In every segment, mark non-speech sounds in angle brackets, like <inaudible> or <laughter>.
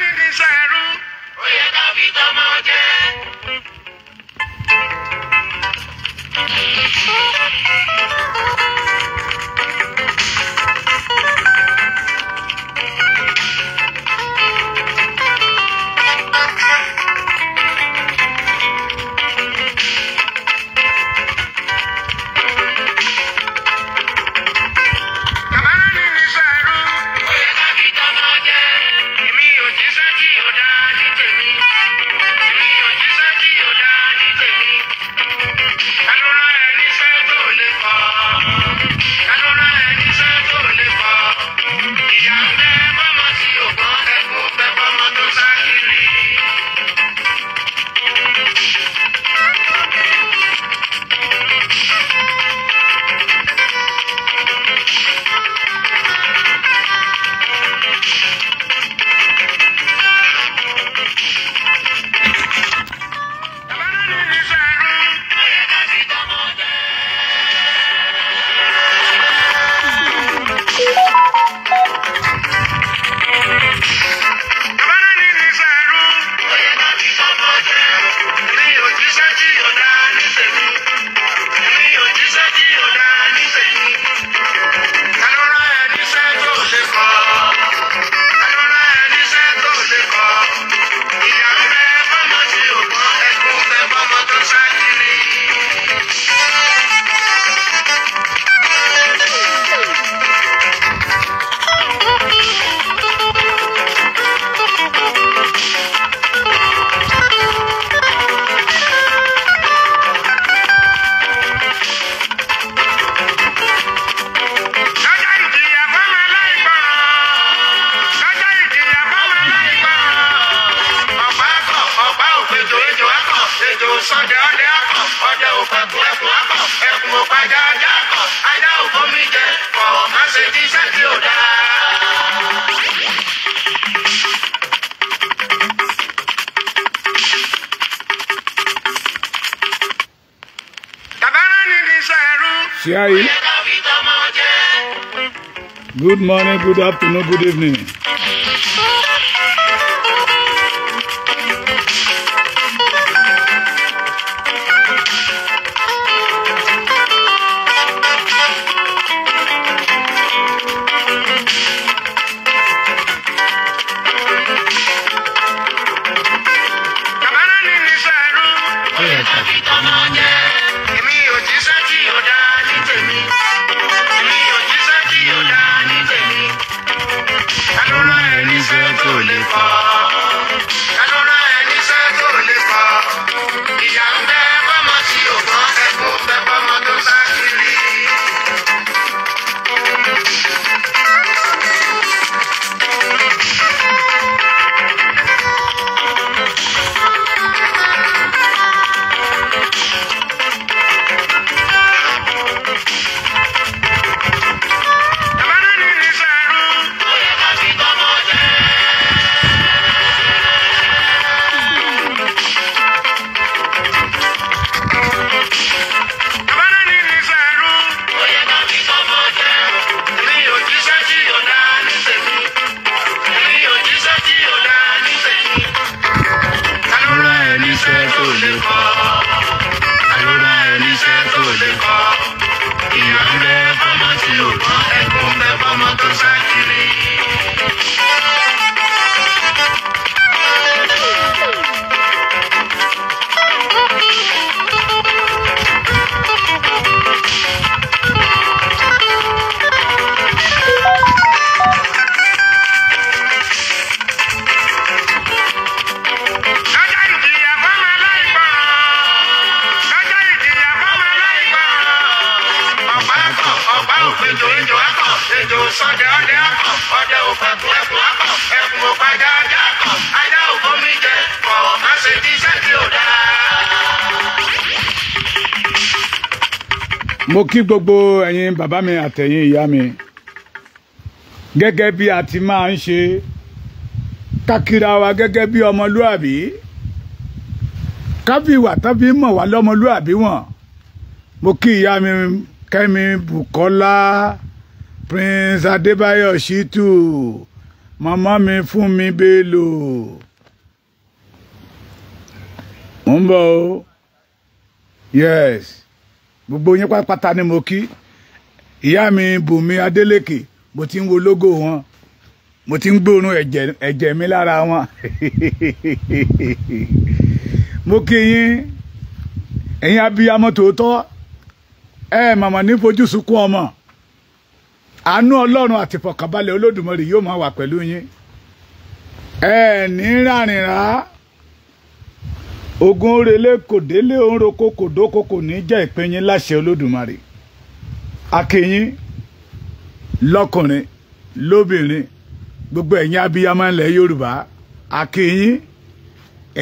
mi ní sọ ẹrú. ó yẹ ká fi tọmọ jẹ. Thank <laughs> you. Good morning, good afternoon, good evening. kí gbogbo ẹ̀yin bàbá mi àtẹ̀yin ìyá mi gẹ́gẹ́ bí a ti máa ń ṣe kákìra wa gẹ́gẹ́ bí ọmọlúàbí káfíwà tábí mọ̀ wá lọ́mọlúàbí wọn mo kí ìyá mi Kẹ́mi Bùkọ́lá Prince Adébáyọ̀ Ṣítù màmá mi fún mi Bello mo ń bọ̀ o yes gbogbo yín pátá ni mo kí ìyá mi bùnmi adélèké mo ti ń wo lógò wọn mo ti ń gbóòórùn ẹ̀jẹ̀ mi lára wọn <laughs> mo kí yín ẹ̀yin abiyamọ tòótọ́ ẹ màmá ní fojú sunkún ọmọ àánú ọlọ́run àti ìfọ̀kànbalẹ̀ olódùmarè yóò máa wà pẹ̀lú yín ẹ ní rárìnrà ogun relé kò délé ó ń roko kò dóko kò ní jẹ́ ìpín yín láṣẹ olódùmarè akínyín lọ́kùnrin lóbìnrin gbogbo ẹ̀yin abiyamọ ilẹ̀ yorùbá akínyín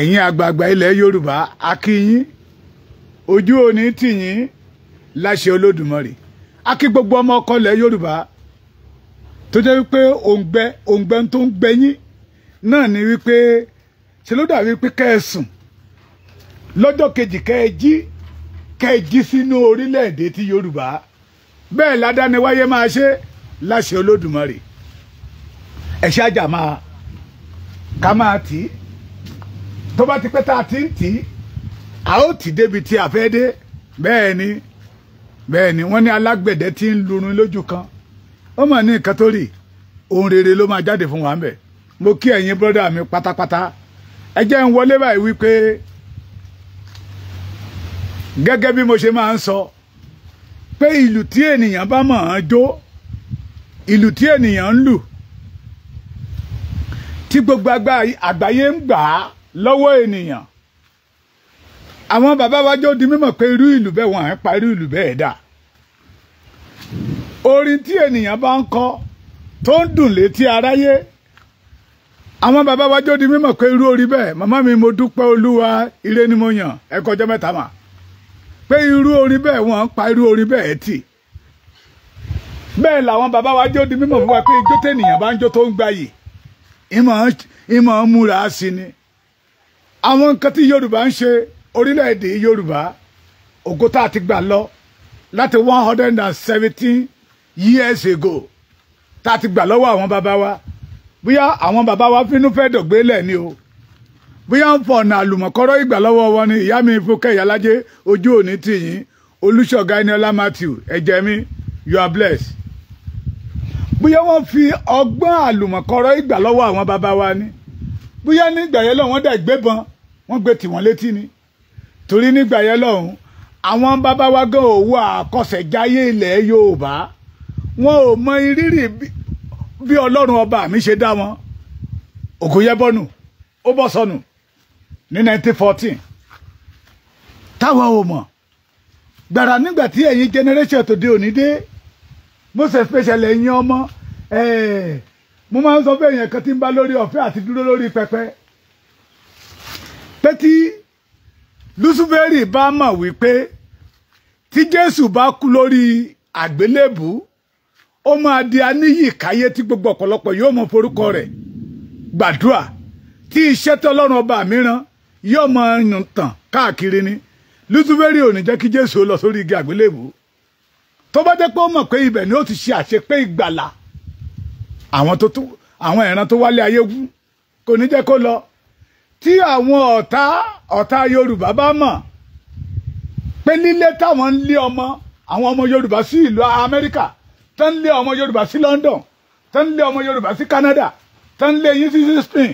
ẹ̀yin àgbààgbà ilẹ̀ yorùbá akínyín ojú òní tìyín láṣẹ olódùmarè akí gbogbo ọmọ ọkọ ilẹ̀ yorùbá tó jẹ́ wípé òǹgbẹ òǹgbẹ tó ń gbẹyín náà ni wípé ṣe ló dàbí pé kẹ́ẹ̀sùn lọ́jọ́ kejì kẹ́ẹ̀jí kẹ́ẹ̀jí sínú orílẹ̀-èdè ti Yorùbá bẹ́ẹ̀ ládániwáyé máa ṣe láṣẹ Olódùmarè ẹ ṣáàjà máa ká máa tì í tó bá ti pẹ́ tá a ti ń tì í a ó tì débi tí a fẹ́ dé bẹ́ẹ̀ ni bẹ́ẹ̀ ni wọ́n ní alágbẹ̀dẹ tí ń lurun lójú kan ó mọ̀ ní nǹkan tó rì ohun rere ló máa jáde fún wa ń bẹ̀ mo kí ẹ̀yin bọ́dà mi pátápátá ẹ jẹ́ ń wọlé báyìí wípé gẹ́gẹ́ bí mo ṣe máa ń sọ pé ìlù tí ènìyàn bá mọ̀ ọ́n jó ìlù tí ènìyàn ń lù tí gbogbo àgbáyé ń gbà á lọ́wọ́ ènìyàn àwọn bàbá wa jọ di mímọ̀ pé irú ìlù bẹ́ẹ̀ wọ́n à ń pa irú ìlù bẹ́ẹ̀ dà orin tí ènìyàn bá ń kọ tó ń dùn létí aráyé àwọn bàbá wa jọ di mímọ̀ pé irú orin bẹ́ẹ̀ màmá mi mo dúpẹ́ olúwa ire ni mo yàn ẹ kọjọ́ mẹ́ta mà pé irú orin bẹ́ẹ̀ wọ́n pa irú orin bẹ́ẹ̀ tì bẹ́ẹ̀ làwọn bàbá wa jó di mímọ̀ fún wa pé ijó tẹ̀nìyàn bá ń jó tó ń gbayì ìmọ̀ ń múra sí ni àwọn nǹkan tí Yorùbá ń ṣe orílẹ̀-èdè Yorùbá ògótà ti gbà lọ láti one hundred and seventeen years ago tá a ti gbà lọ́wọ́ àwọn bàbá wa bóyá àwọn bàbá wa fínú fẹ́ dọ̀gbélẹ̀ ni o bóyá ń fọ ọ̀nà àlùmọ̀kọ́rọ́ ìgbà lọ́wọ́ wọn ni ìyá mi fúnkẹ́ ìyálájé ojú òní tì yín olùṣọ́gá eniola matthew ẹ̀jẹ̀ mi you are blessed. bóyá wọ́n fi ọgbọ́n àlùmọ̀kọ́rọ́ ìgbà lọ́wọ́ àwọn bàbá wa ni bóyá nígbà yẹn lọ́wọ́ dẹ̀ gbébọn wọ́n gbé tiwọn létí ni torí nígbà yẹn lọ́hùn àwọn bàbá wa gan òwò àkọsẹ̀jáyé ilẹ̀ yorùbá wọn ò mọ ìrírí bí ọlọ́run ọba mi ṣe dá wọn ògùn yẹ ó bọ́ sọnù ní 1914 táwa ò mọ̀ gbàrà nígbà tí ẹ̀yin generation tòde òní dé most especially ẹ̀yin ọmọ eh, mo máa ń sọ fún èèyàn kan tí ń bá lórí ọ̀fẹ́ àti dúró lórí pẹpẹ pé tí lùsùfẹ́rì bá mọ̀ wípé tí Jésù bá kú lórí àgbélébù ó máa di aníyì káyé tí gbogbo ọ̀pọ̀lọpọ̀ yóò mọ forúkọ rẹ̀ gbàdúrà tí iṣẹ́ tọ́lọ́run ọba mìíràn yóò máa yàn tàn káàkiri ni lùtùbẹ́rì ò ní jẹ́ kí jésù lọ sórí igi àgbélébù tó bá jẹ́ pé ó mọ̀ pé ibẹ̀ ni ó ti ṣe àṣepé ìgbàlà àwọn tó tó àwọn ìran tó wálé ayé wú kò ní jẹ́ kó lọ tí àwọn ọ̀tá ọ̀tá yorùbá bá mọ̀ pé lílé táwọn ń lé ọmọ àwọn ọmọ yorùbá sí ìlú amẹ́ríkà tó ń lé ọmọ yorùbá sí london tó ń lé ọmọ yorùbá sí canada tó ń lé yín sí spain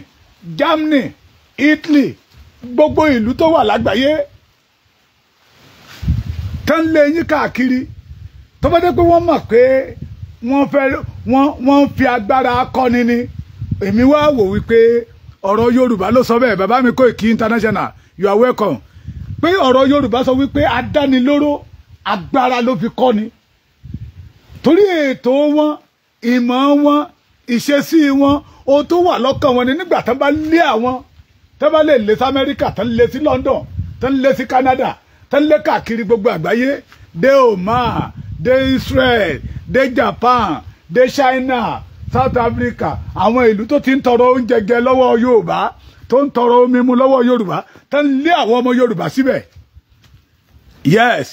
germany italy gbogbo ìlú tó wà lágbàáyé tán lé yín káàkiri tó bá dé pé wọ́n mọ̀ pé wọ́n fẹ́ wọ́n wọ́n ń fi agbára akọni ni èmi wá wò wípé ọ̀rọ̀ Yorùbá ló sọ bẹ́ẹ̀ bàbá mi Koiki international you are welcome pé ọ̀rọ̀ Yorùbá sọ wípé adánilóró agbára ló fi kọ́ ni torí ètò wọn ìmọ̀ wọn ìṣesí wọn ohun tó wà lọ́kàn wọn ni nígbà tán bá lé àwọn tẹ́ bá lè lé sí amẹ́ríkà tán lé sí london tán lé sí canada tán lé káàkiri gbogbo àgbáyé dé oman dé israel dé japan dé china south africa àwọn ìlú tó ti ń tọrọ oúnjẹ jẹ lọ́wọ́ yorùbá tó ń tọrọ omi mu lọ́wọ́ yorùbá tán lé àwọn ọmọ yorùbá síbẹ̀ yes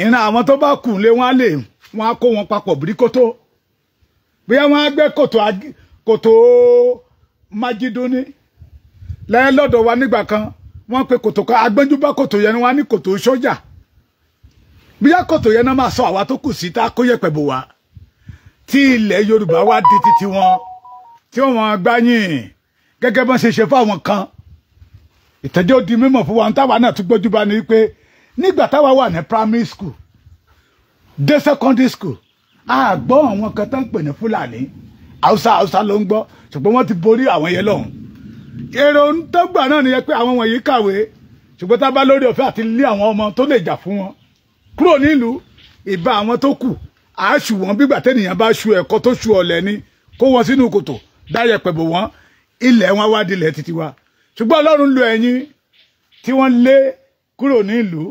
ìran àwọn tó bá kù lé wọn á lè wọn á kó wọn papọ̀ bíríkótó bóyá wọn á gbẹ́ kòtò májídóní lẹ́yìn lọ́dọ̀ wa nígbà kan wọ́n pe kòtò kan agbẹ́njúbá kòtò yẹn ni wọ́n á ní kòtò sójà bíyá kòtò yẹn náà máa sọ àwa tó kù sí tá a kó yẹ̀pẹ̀ bò wá tí ilẹ̀ Yorùbá wá di titi wọn tí wọ́n gbáyìn gẹ́gẹ́ bọ́n ṣe ṣe fáwọn kan ìtẹ́jọ́ di mímọ̀ fún wa táwa náà tún gbójú bá ní pé nígbà táwa wà ní primary school dé secondary school a gbọ́ àwọn kan tó ń pè ní Fúlàní Haúsá Haúsá ló ń gbọ́ ṣùgbọ́n wọ́n ti borí àwọn yẹn lọ́hùn-ún èrò ń tọ́gbà náà nìyẹn pé àwọn wọ̀nyí kàwé ṣùgbọ́n tá a bá lórí ọ̀fẹ́ àti lé àwọn ọmọ tó lè jà fún wọn kúrò nílùú ìbá àwọn tó kù àáṣù wọn bígbà tẹ́nìyàn bá ṣu ẹ̀kọ́ tó ṣu ọ̀lẹ̀ ni kó wọn sínú kòtò dáyẹ pẹ̀bù wọn ilẹ̀ wọn wá dilẹ̀ títí wa ṣùgbọ́n ọlọ́run lo ẹ̀yin tí wọ́n lé kúrò nílùú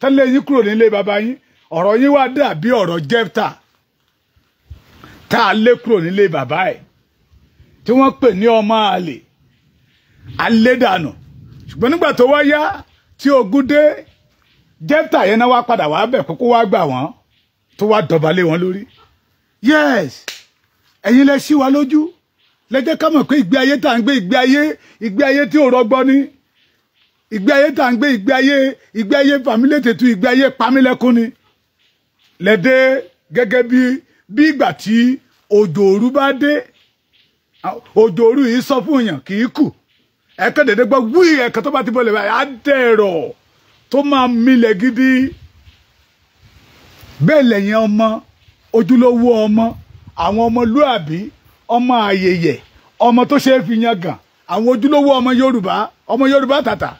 tẹ́lẹ̀ yín kúrò nílé bàbá yín ọ̀rọ̀ yín wá dàbí ọ̀rọ̀ jẹ́fta tá a lé kúrò nílé bàbá ẹ̀ tí wọ́n pè ní ọmọ àlè alẹ́ dànù ṣùgbọ́n nígbà tó wá yá tí ogun dé jẹ́tà yẹn náà wá padà wá bẹ̀ kókó wá gbà wọ́n tó wá dọ̀bà lé wọn lórí yes ẹ̀yin lẹ ṣí wa lójú lẹ́jẹ́ ká mọ̀ pé ìgbé ayé tá à ń gbé ìgbé ayé ìgbé ayé tí ò rọgbọ ni ìgbé ayé tá à ń gbé ìgbé ayé ìgbé ayé fàmílẹ̀ tètú ìgbé ayé pamílẹ́kún ni lẹ́dẹ́ gẹ́gẹ́ bí bí ìgbà tí òjò òru bá dé òjò òru yìí sọ fún èèyàn kì í kù ẹ̀ka dédé gbọ́ wí ẹ̀ka tó bá ti bọ́lẹ̀ báyìí á dẹ̀rọ̀ tó máa milẹ̀ gidi bẹ́ẹ̀ lẹ́yìn ọmọ ojúlówó ọmọ àwọn ọmọlúàbí ọmọ àyèyè ọmọ tó ṣe é fi yan gàn àwọn ojúlówó ọmọ Yorùbá ọmọ Yorùbá tàtà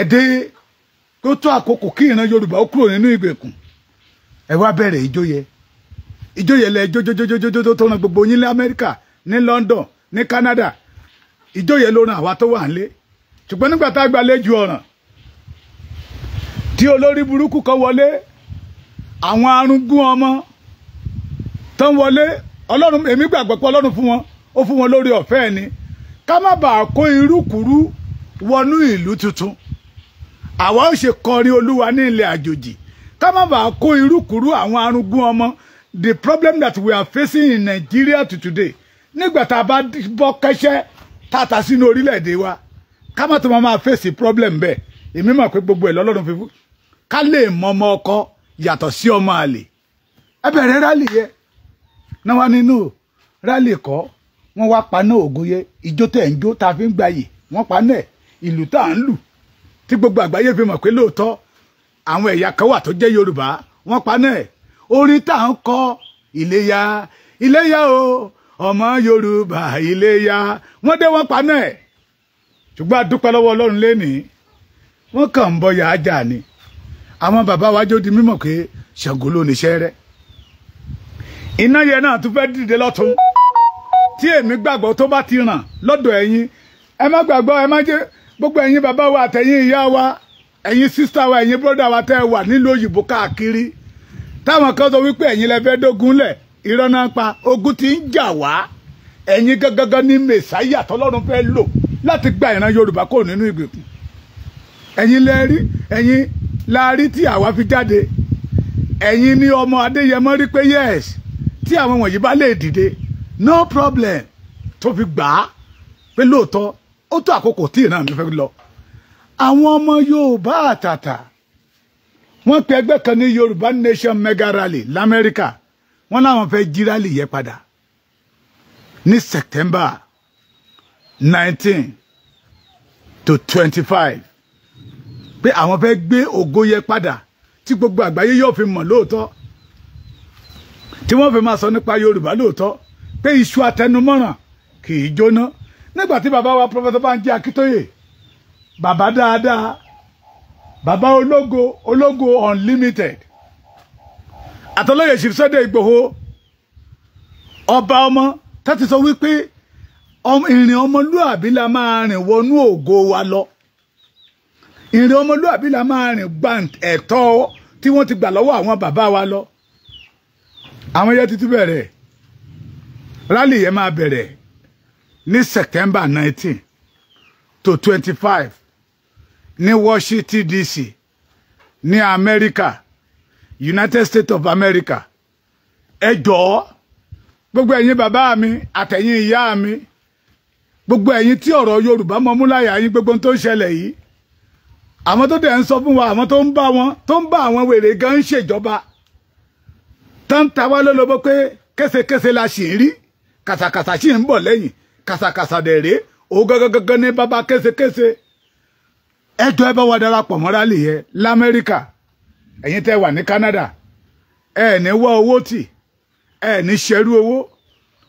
ẹ̀dẹ́ tó tó àkókò kí ìran Yorùbá ó kúrò nínú ìgbèkùn ẹ wá bẹ̀rẹ̀ ìjòyè ìjòyè lẹ jójójójójójó tó ran gbogbo yín ní Amẹ́ríkà ní London ní Canada ìjòyè ló ran àwa tó wà nílé ṣùgbọ́n nígbà tá a gbàlejò ọ̀ràn tí olórí burúkú kan wọlé àwọn arúgbó ọmọ tán wọlé ọlọ́run èmi gbàgbọ́ pé ọlọ́run fún wọn ó fún wọn lórí ọ̀fẹ́ ni ká má bàa kó irúkúrú wọnú ìlú tuntun àwa ó ṣe kọrin olúwa ní ilẹ̀ àjòjì ká má bàa kó irúkúrú àwọn arúgbó ọmọ the problem that we are facing in Nigeria to today nígbà tá a bá bọ́ kẹ́sẹ́ Tata sínú orílẹ̀-èdè wa ká má tó máa fèsì problem bẹ́ẹ̀ èmi mọ̀ pé gbogbo ẹ̀ lọ́lọ́run fífú ká lè mọ ọmọ ọkọ yàtọ̀ sí ọmọ àlè ẹ bẹ̀rẹ̀ rálì yẹ náà wá nínú rálì kọ́ wọ́n wá paná ògúnyẹ ìjó tẹ̀ ń jó tá a fi ń gbayè wọ́n paná ẹ̀ ìlú tá à ń lù tí gbogbo àgbáyé fi mọ̀ pé lóòótọ́ àwọn ẹ̀yà kan wà tó jẹ́ Yorùbá wọ́n paná orin tá à ń kọ Iléyá Iléyá o ọmọ yorùbá iléyá wọ́n dé wọ́n paná ẹ̀ ṣùgbọ́n adúpẹ́ lọ́wọ́ ọlọ́run lénìí wọ́n kàn ń bọyà ajá ni àwọn bàbá wa jó di mímọ̀ pé ṣàngó ló níṣẹ́ rẹ̀ iná yẹn náà tún fẹ́ dìde lọ́tún tí èmi gbàgbọ́ tó bá ti ràn lọ́dọ̀ ẹ̀yin ẹ má gbàgbọ́ ẹ má jẹ́ gbogbo ẹ̀yin bàbá wa àtẹ̀yin ìyá wa ẹ̀yin sísá wa ẹ̀yin bródà wa tẹ́ ẹ wà nílùú òyìnbó káàkiri táwọn kan sọ wípé ẹ̀yin lẹ fẹ́ dógúnlẹ̀ ìrànnàpa ogun ti ń jà wá ẹ̀yin gangan ní mẹ̀sáyà tọ́lọ́run fẹ́ lò láti gba ìran Yorùbá kò nínú ìgbèkùn ẹ̀yin lẹ́rí ẹ̀yin láàrí tí àwa fi jáde ẹ̀yin ní ọmọ Adéyẹmọ rí pé yes tí àwọn wọ̀nyí bá lè dìde no problem tó fi gbà á pé lóòótọ́ ó tó àkókò tí ìran mi fẹ́ lọ àwọn ọmọ Yorùbá àtàtà wọ́n pe ẹgbẹ́ kan ní Yorùbá Nation Mega Rally l'Amẹ́ríkà wọ́n láwọn fẹ́ jí rálì yẹ padà ní September nineteen to twenty-five pé àwọn fẹ́ gbé ògo yẹ padà tí gbogbo àgbáyé yóò fi mọ̀ lóòótọ́ tí wọ́n fi máa sọ nípa Yorùbá lóòótọ́ pé iṣu atẹnumọ́ràn kì í jóná nígbà tí bàbá wa Prọfẹsọ Bánjí Akíntóyè bàbá dáadáa bàbá ológo ológo unlimited àtọ́lóyè Sunday Ìgbòho ọba ọmọ tẹ́tí sọ wípé ìrìn ọmọlúàbí la máa rìn wọnú ògo wa lọ ìrìn ọmọlúàbí la máa rìn gba ẹ̀tọ́ tí wọ́n ti gbà lọ́wọ́ àwọn bàbá wa lọ àwọn yẹn ti tún bẹ̀rẹ̀ rálì yẹn máa bẹ̀rẹ̀ ní September nineteen to twenty five ní Washington DC ní Amẹ́ríkà. United States of America ẹ jọ̀ọ́ gbogbo ẹ̀yin bàbá mi àtẹ̀yin ìyá mi gbogbo ẹ̀yin tí ọ̀rọ̀ Yorùbá mọ́ múláyà yín gbogbo tó ń ṣẹlẹ̀ yìí àwọn tó dẹ̀ ń sọ fún wa àwọn tó ń bá wọn tó ń bá àwọn wèrè gan ń ṣèjọba tó ń ta wá lólobó pé késekése la ṣì ń rí kàsàkàsà ṣì ń bọ̀ lẹ́yìn kàsàkàsà dẹ̀ rèé ó gángan ní bàbá késekése ẹ jọ̀ọ́ ẹ bá wa darapọ̀ mọ́ra lè l'Amẹ́ríkà ẹ̀yin tẹ́ wà ní Canada ẹ ní wá owó tì ẹ ní ṣerú owó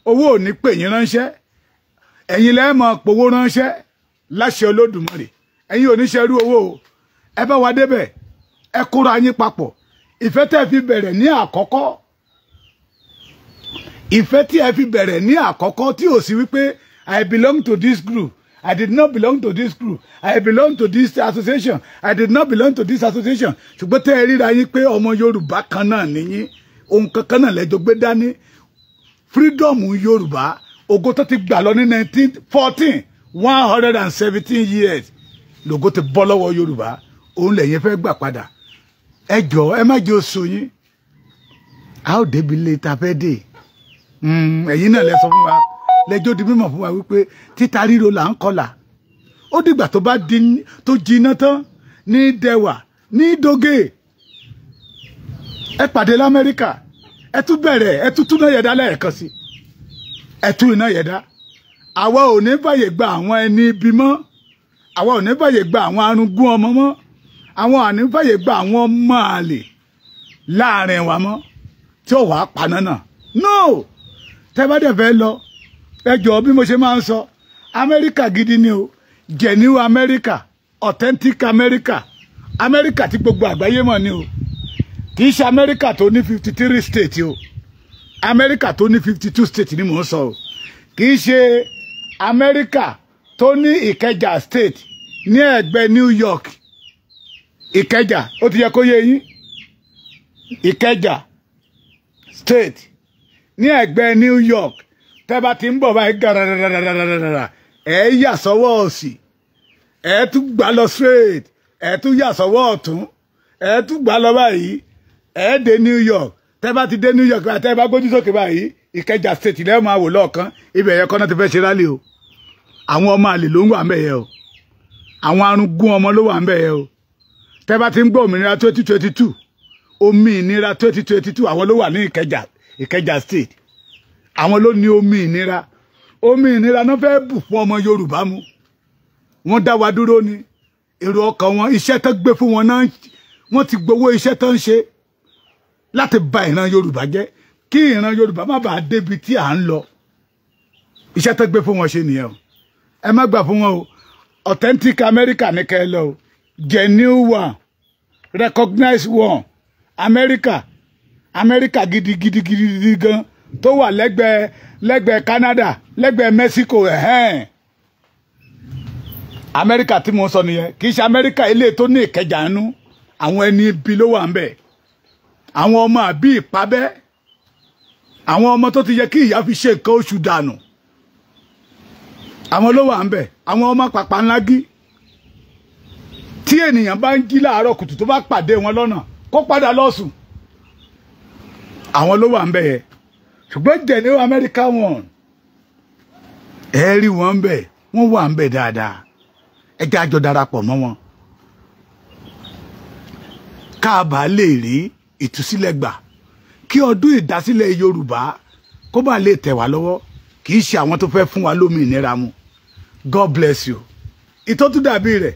owó ò ní pè yín ránṣẹ́ ẹ̀yin lẹ máa pòwó ránṣẹ́ láṣẹ Olódùmarè ẹ̀yin ò ní ṣerú owó o ẹ bá wa débẹ̀ ẹ kóra yín papọ̀ ìfẹ́ tẹ́ fi bẹ̀rẹ̀ ní àkọ́kọ́ ìfẹ́ tí ẹ fi bẹ̀rẹ̀ ní àkọ́kọ́ tí ò sí wípé I belong to this group I did not belong to this group. I belong to this association. I did not belong to this association. Ṣùgbọ́n tẹ́ ẹ ríra yín pé ọmọ Yorùbá kan náà nìyí. Ohun kankan náà lẹ́jọ́ gbé dání. Freedom Yorùbá ògo tó ti gbà lọ ní 1914 117 years lògo ti bọ́ lọ́wọ́ Yorùbá. Òun lẹ́yìn fẹ́ gbà padà. Ẹ jọ̀ọ́ ẹ má jẹ́ oṣù yín. A ó débi lè ta fẹ́ dé. Hmm, ẹ̀yin náà lẹ sọ fún wa lẹ́jọ́ di mímọ̀ fún wa wípé títa ríro là ń kọlà ó dìgbà tó bá di tó jiná tán ní dẹwà ní dógè ẹ pàdé lamẹ́ríkà ẹ tún bẹ̀rẹ̀ ẹ tún túná yẹ̀dá lẹ́ẹ̀kan sí ẹ tún iná yẹ̀dá àwa ò ní bàyè gba àwọn ẹni ibi mọ́ àwa ò ní bàyè gba àwọn arúgbún ọmọ mọ́ àwọn àní bàyè gba àwọn ọmọ àlè láàrin wa mọ́ tí ó wàá paná náà no tẹ́ bá dẹ̀ fẹ́ lọ ẹ jọ̀ọ́ bí mo ṣe máa ń sọ amẹ́ríkà gidi ni o genuine amẹ́ríkà authentic amẹ́ríkà amẹ́ríkà tí gbogbo àgbáyé mọ̀ ni o kì í ṣe amẹ́ríkà tó ní fifty three states o amẹ́ríkà tó ní fifty two states ni mò ń sọ o kì í ṣe amẹ́ríkà tó ní ìkẹjà state ní ẹ̀gbẹ́ new york ìkẹjà ó ti yẹ kó yé yín ìkẹjà state ní ẹ̀gbẹ́ new york tẹ́ bá ti ń bọ̀ báyìí gàràràràràrà ẹ̀ yà sọ́wọ́ òsì ẹ̀ tún gbà lọ straight ẹ̀ tún yà sọ́wọ́ ọ̀tún ẹ̀ tún gbà lọ New York tẹ́ bá New York tẹ́ bá gbójú sókè báyìí Ìkẹjà state lẹ́yìn máa wò lọ́ọ̀kan ibẹ̀ ẹ̀yẹ kọ́nà ti fẹ́ ṣe rálẹ̀ o àwọn ọmọ àlè o àwọn arúgbó ọmọ ló wà ń bẹ̀ yẹ àwọn ló ní omi ìnira omi ìnira náà fẹ́ bù fún ọmọ Yorùbá mu wọ́n dá wa dúró ni èrò ọkàn wọn iṣẹ́ tó gbé fún wọn náà wọ́n ti gbowó iṣẹ́ tó ń ṣe láti ba ìran Yorùbá jẹ́ kí ìran Yorùbá má bàa débi tí à ń lọ iṣẹ́ tó gbé fún wọn ṣe nìyẹn o ẹ má gbà fún wọn o authentic America ní kẹ́ lọ o genuine one recognize one America America gidigidigidi gan. Gidi, gidi, gidi, gidi, gidi, gidi, gidi, gidi, tó wà lẹ́gbẹ̀ẹ́ lẹ́gbẹ̀ẹ́ Canada lẹ́gbẹ̀ẹ́ Mexico ẹ̀hẹ́n Amẹ́ríkà tí mo sọ nìyẹn kì í ṣe Amẹ́ríkà ilé tó ní Ìkẹjà nínú àwọn ẹni ibi ló wà ń ọmọ àbí ìpabẹ́ àwọn ọmọ tó ti yẹ kí ìyá fi ṣe nǹkan oṣù dànù àwọn ló wà ń bẹ̀ àwọn ọmọ pàpà ńlá gí tí ènìyàn bá ń jí láàárọ̀ kùtù tó bá pàdé wọn lọ ṣùgbọ́n jẹ̀ní amẹ́ríkà wọn ẹ rí wọn ń bẹ̀ wọ́n wà ń bẹ̀ dáadáa ẹ jẹ́ àjọ darapọ̀ mọ́ wọn káàbà lè rí ìtúsílẹ̀ gbà kí ọdún ìdásílẹ̀ yorùbá kó bá lè tẹ̀ wá lọ́wọ́ kì í ṣe àwọn tó fẹ́ fún wa lómìnira mu god bless you ìtọ́tún dàbí rẹ̀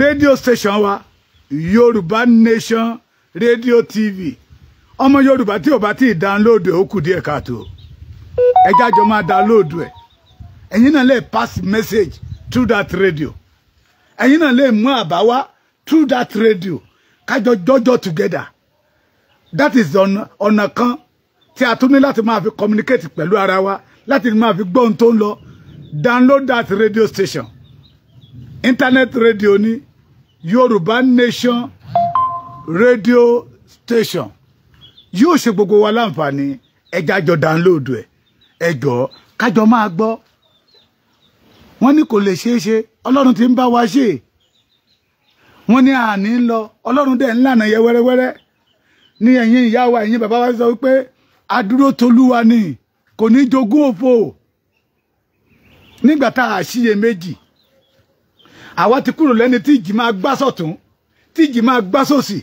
rédíò station wa yorùbá nation rédíò tv ọmọ yorùbá tí ò bá tí ì dáńlóòdù ẹ̀ ó kù díẹ̀ káàtó ẹ jájọ máa dáńlóòdù ẹ̀ ẹ̀yin náà lè pass message through that radio ẹ̀yin náà lè mú àbá wá through that radio kájọ jọjọ together that is ọ̀nà ọ̀nà kan tí a tún ní láti máa fi communicate pẹ̀lú ara wa láti máa fi gbọ́ ohun tó ń lọ download that radio station internet radio ní Yorùbá Nation radio station yóò ṣe gbogbo wa láǹfààní ẹja jọ download ẹjọ kájọ máa gbọ́ wọ́n ní kò lè ṣeé ṣe Ọlọ́run ti ń bá wa ṣe wọ́n ní àní ń lọ Ọlọ́run dẹ̀ ń lànà yẹ wẹ́rẹ́wẹ́rẹ́ ní ìyá wa ẹ̀yin bàbá wa sọ wípé adúró tolúwa ni kò ní jogún òfò nígbà tá a ṣiyè méjì ti kúrò lẹ́ni máa gbá sọ̀tún